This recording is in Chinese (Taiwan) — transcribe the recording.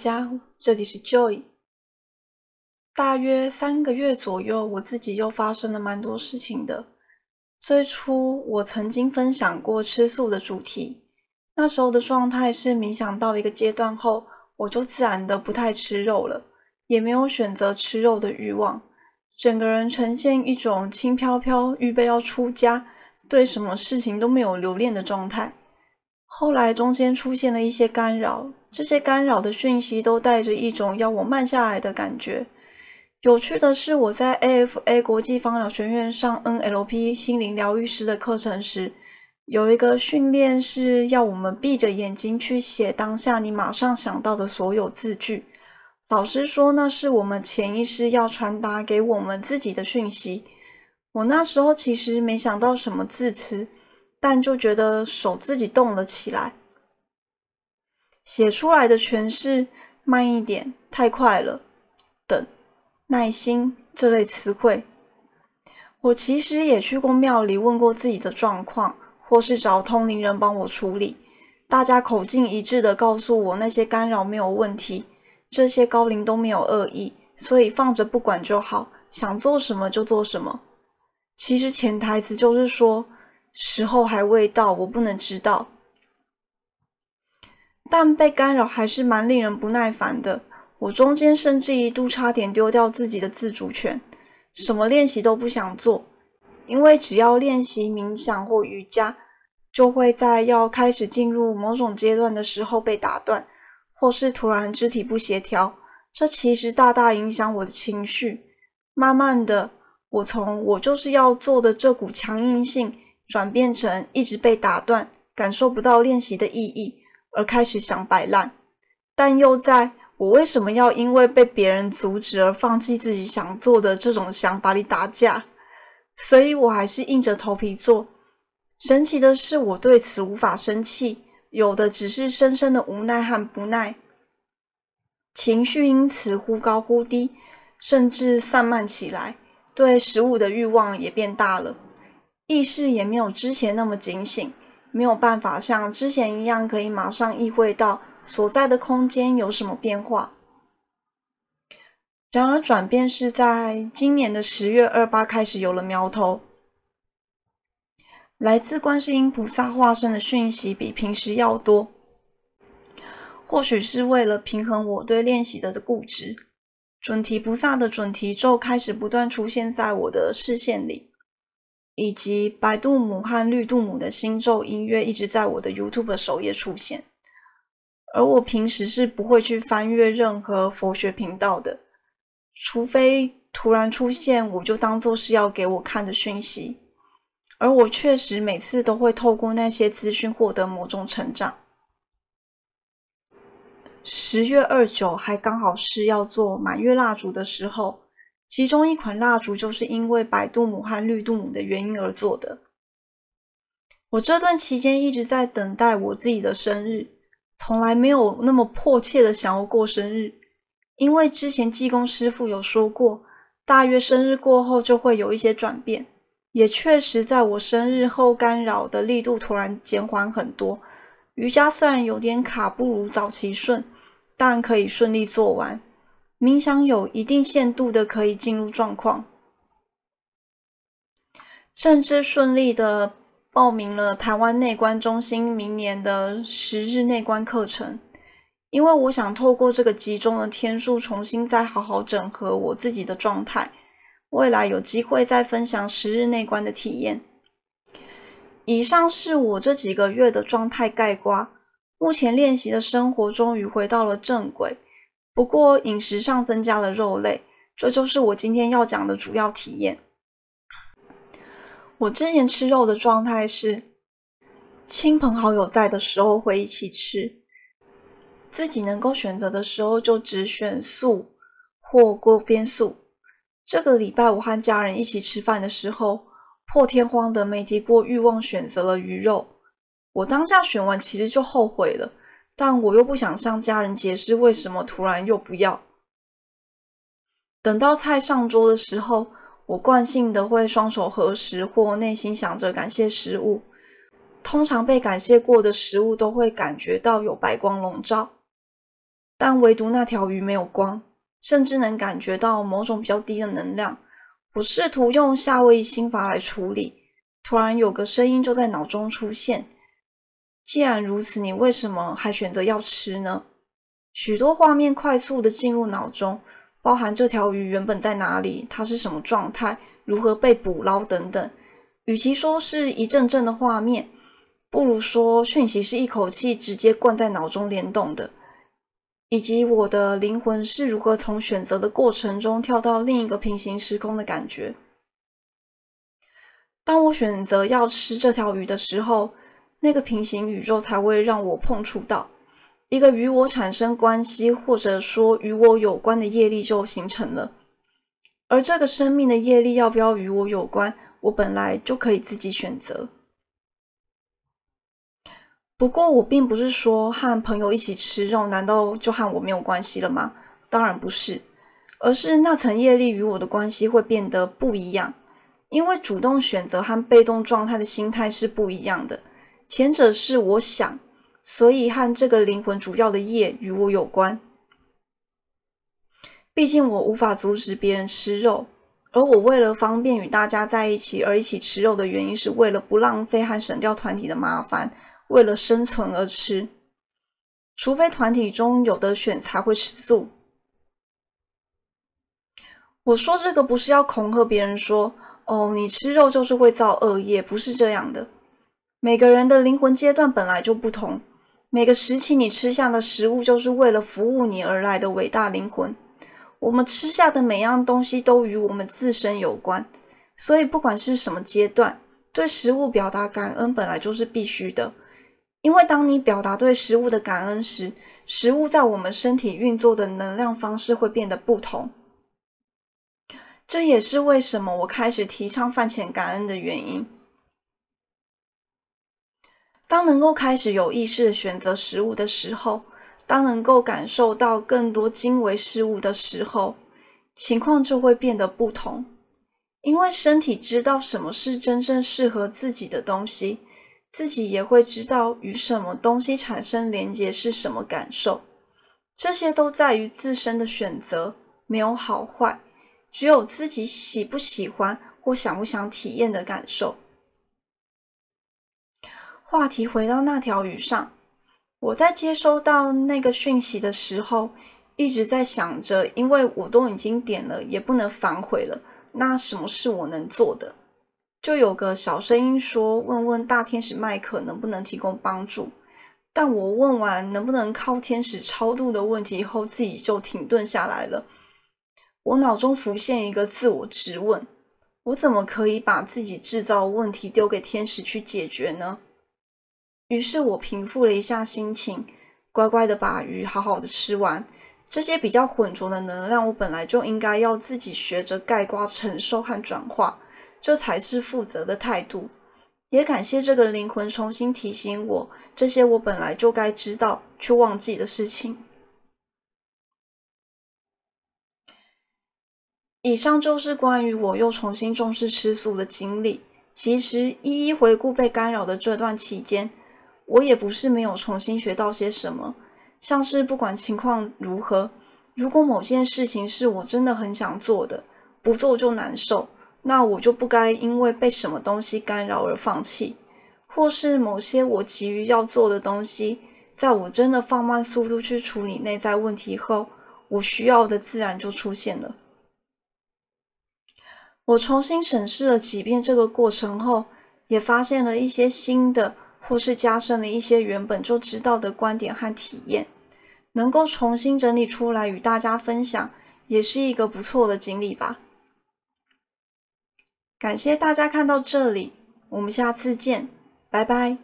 家，這裡是 Joy。大約三個月左右，我自己又發生了蠻多事情的。最初我曾經分享過吃素的主題，那時候的狀態是冥想到一個階段後，我就自然的不太吃肉了，也沒有選擇吃肉的慾望，整個人呈現一種輕飄飄、預備要出家，對什麼事情都沒有留戀的狀態。後來中間出現了一些干擾。這些干擾的訊息都帶着一種要我慢下來的感覺。有趣的是，我在 AFA 國際芳療學院上 NLP 心靈療癒師的課程時，有一個訓練是要我們閉着眼睛去寫當下你馬上想到的所有字句。老師說那是我們潛意識要傳達給我們自己的訊息。我那時候其實沒想到什麼字詞，但就覺得手自己動了起來。寫出來的全是慢一點、太快了、等、耐心這類詞彙。我其實也去過廟裡問過自己的狀況，或是找通靈人幫我處理。大家口徑一致的告訴我，那些干擾沒有問題，這些高靈都沒有惡意，所以放着不管就好，想做什麼就做什麼。其實潛台詞就是說，時候還未到，我不能知道。但被干擾還是蠻令人不耐煩的。我中間甚至一度差點丟掉自己的自主權，什麼練習都不想做，因為只要練習冥想或瑜伽，就會在要開始進入某種階段的時候被打斷，或是突然肢體不協調。這其實大大影響我的情緒。慢慢的，我從我就是要做的這股強硬性，轉變成一直被打斷，感受不到練習的意義。而開始想擺爛，但又在我為什麼要因為被別人阻止而放棄自己想做的這種想法裡打架，所以我還是硬着頭皮做。神奇的是，我對此無法生氣，有的只是深深的無奈和不耐，情緒因此忽高忽低，甚至散漫起來，對食物的欲望也變大了，意識也沒有之前那麼警醒。沒有辦法像之前一樣，可以馬上意會到所在的空間有什麼變化。然而，轉變是在今年的十月二八開始有了苗頭。來自觀世音菩薩化身的訊息比平時要多，或許是為了平衡我對練習的的固執，準提菩薩的準提咒開始不斷出現在我的視線裡。以及白度母和綠度母的心咒音樂一直在我的 YouTube 首頁出現，而我平時是不會去翻閱任何佛學頻道的，除非突然出現，我就當做是要給我看的訊息。而我確實每次都會透過那些資訊獲得某種成長。十月二九還剛好是要做滿月蠟燭的時候。其中一款蠟燭就是因為白度母和綠度母的原因而做的。我這段期間一直在等待我自己的生日，從來沒有那麼迫切的想要過生日，因為之前濟公師父有說過，大約生日過後就會有一些轉變，也確實在我生日後干擾的力度突然減緩很多。瑜伽雖然有點卡，不如早期順，但可以順利做完。冥想有一定限度的可以進入狀況，甚至順利的報名了台灣內觀中心明年的十日內觀課程，因為我想透過這個集中的天數，重新再好好整合我自己的狀態，未來有機會再分享十日內觀的體驗。以上是我這幾個月的狀態概括，目前練習的生活終於回到了正軌。不過飲食上增加了肉類，這就是我今天要講的主要體驗。我之前吃肉的狀態是，親朋好友在的時候會一起吃，自己能夠選擇的時候就只選素或鍋邊素。這個禮拜我和家人一起吃飯的時候，破天荒的沒抵過欲望，選擇了魚肉。我當下選完其實就後悔了。但我又不想向家人解釋為什麼突然又不要。等到菜上桌的時候，我慣性的會雙手合十，或內心想着感謝食物。通常被感謝過的食物都會感覺到有白光籠罩，但唯獨那條魚沒有光，甚至能感覺到某種比較低的能量。我試圖用夏威夷心法來處理，突然有個聲音就在腦中出現。既然如此，你為什麼還選擇要吃呢？許多畫面快速的進入腦中，包含這條魚原本在哪裡，它是什麼狀態，如何被捕撈等等。與其說是一陣陣的畫面，不如說訊息是一口氣直接灌在腦中聯動的，以及我的靈魂是如何從選擇的過程中跳到另一個平行時空的感覺。當我選擇要吃這條魚的時候。那個平行宇宙才會讓我碰觸到一個與我產生關係，或者說與我有關的業力就形成了。而這個生命的業力要不要與我有關，我本來就可以自己選擇。不過我並不是說和朋友一起吃肉，難道就和我沒有關係了嗎？當然不是，而是那層業力與我的關係會變得不一樣，因為主動選擇和被動狀態的心態是不一樣的。前者是我想，所以和這個靈魂主要的業與我有關。畢竟我無法阻止別人吃肉，而我為了方便與大家在一起而一起吃肉的原因，是為了不浪費和省掉團體的麻煩，為了生存而吃。除非團體中有得選，才會吃素。我說這個不是要恐嚇別人說，說哦你吃肉就是會造惡業，不是這樣的。每個人的靈魂階段本來就不同，每個時期你吃下的食物就是為了服務你而來的偉大靈魂。我們吃下的每樣東西都與我們自身有關，所以不管是什麼階段，對食物表達感恩本來就是必須的。因為當你表達對食物的感恩時，食物在我們身體運作的能量方式會變得不同。這也是為什麼我開始提倡飯前感恩的原因。當能夠開始有意識的選擇食物的時候，當能夠感受到更多精微事物的時候，情況就會變得不同。因為身體知道什麼是真正適合自己的東西，自己也會知道與什麼東西產生連結是什麼感受。這些都在於自身的選擇，沒有好壞，只有自己喜不喜歡或想不想體驗的感受。話題回到那條魚上，我在接收到那個訊息的時候，一直在想着，因為我都已經點了，也不能反悔了。那什麼是我能做的？就有個小聲音說：“問問大天使麥克能不能提供幫助。”但我問完“能不能靠天使超度”的問題以後，自己就停頓下來了。我腦中浮現一個自我質問：我怎麼可以把自己製造的問題丟給天使去解決呢？於是我平復了一下心情，乖乖的把魚好好的吃完。這些比較渾濁的能量，我本來就應該要自己學着概括承受和轉化，這才是負責的態度。也感謝這個靈魂重新提醒我，這些我本來就該知道卻忘記的事情。以上就是關於我又重新重視吃素的經歷。其實一一回顧被干擾的這段期間。我也不是沒有重新學到些什麼，像是不管情況如何，如果某件事情是我真的很想做的，不做就難受，那我就不該因為被什麼東西干擾而放棄。或是某些我急於要做的東西，在我真的放慢速度去處理內在問題後，我需要的自然就出現了。我重新審視了幾遍這個過程後，也發現了一些新的。或是加深了一些原本就知道的觀點和體驗，能夠重新整理出來與大家分享，也是一個不錯的經歷吧。感謝大家看到這裡，我們下次見，拜拜。